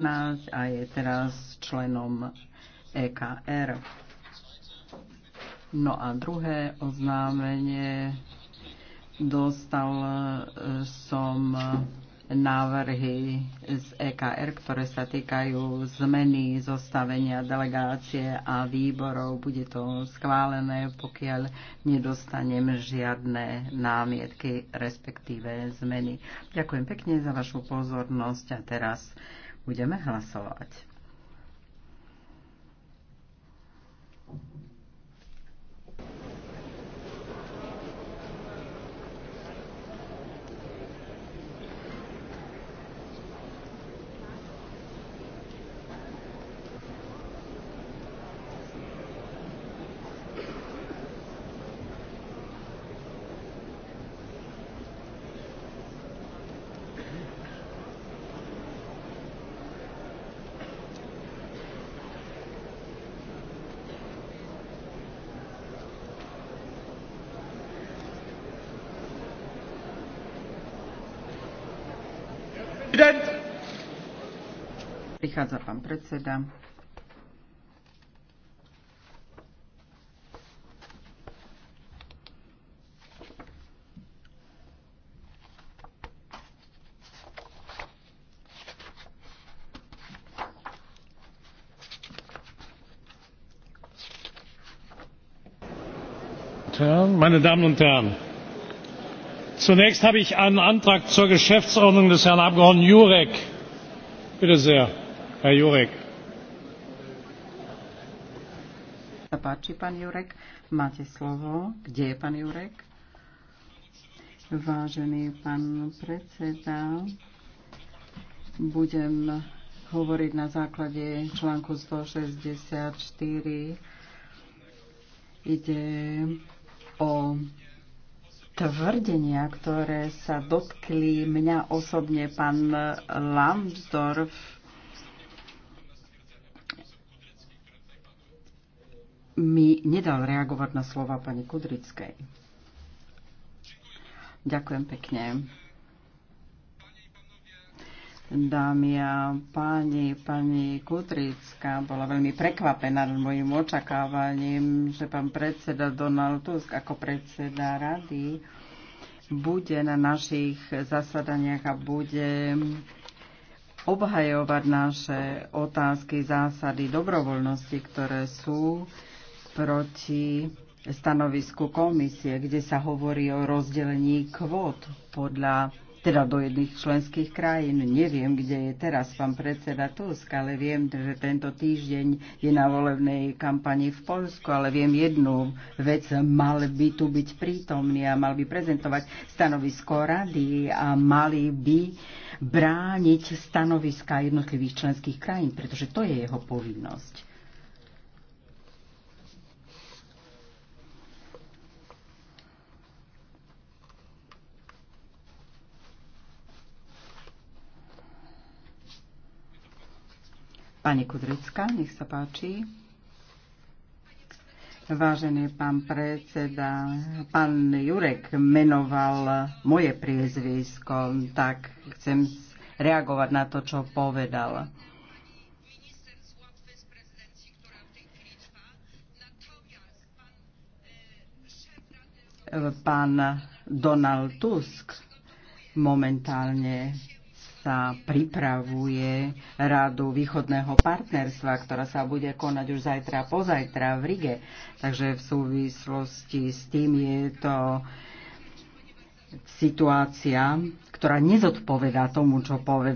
15 a je teraz členom EKR. No a druhé oznámenie dostal e, som návrhy z EKR, ktoré sa týkajú zmeny zostavenia delegácie a výborov. Bude to schválené, pokiaľ nedostanem žiadne námietky, respektíve zmeny. Ďakujem pekne za vašu pozornosť a teraz budeme hlasovať. Prichádza pán predseda. Meine Damen und Herren, zunächst habe ich einen antrag zur geschäftsordnung des herrn abgeordneten jurek. bitte sehr herr jurek. Vážený pán predseda, budem hovoriť na základe článku 164. Ide tvrdenia, ktoré sa dotkli mňa osobne pán Lambsdorff, mi nedal reagovať na slova pani Kudrickej. Ďakujem pekne. Dámy a páni, pani Kutrická bola veľmi prekvapená nad mojim očakávaním, že pán predseda Donald Tusk ako predseda rady bude na našich zasadaniach a bude obhajovať naše otázky, zásady dobrovoľnosti, ktoré sú proti stanovisku komisie, kde sa hovorí o rozdelení kvót podľa teda do jedných členských krajín. Neviem, kde je teraz pán predseda Tusk, ale viem, že tento týždeň je na volebnej kampani v Polsku, ale viem jednu vec, mal by tu byť prítomný a mal by prezentovať stanovisko rady a mali by brániť stanoviska jednotlivých členských krajín, pretože to je jeho povinnosť. Pani Kudrická, nech sa páči. Vážený pán predseda, pán Jurek menoval moje priezvisko, tak chcem reagovať na to, čo povedal. Pán Donald Tusk momentálne sa pripravuje Radu východného partnerstva, ktorá sa bude konať už zajtra a pozajtra v Rige. Takže v súvislosti s tým je to situácia, ktorá nezodpovedá tomu, čo povedal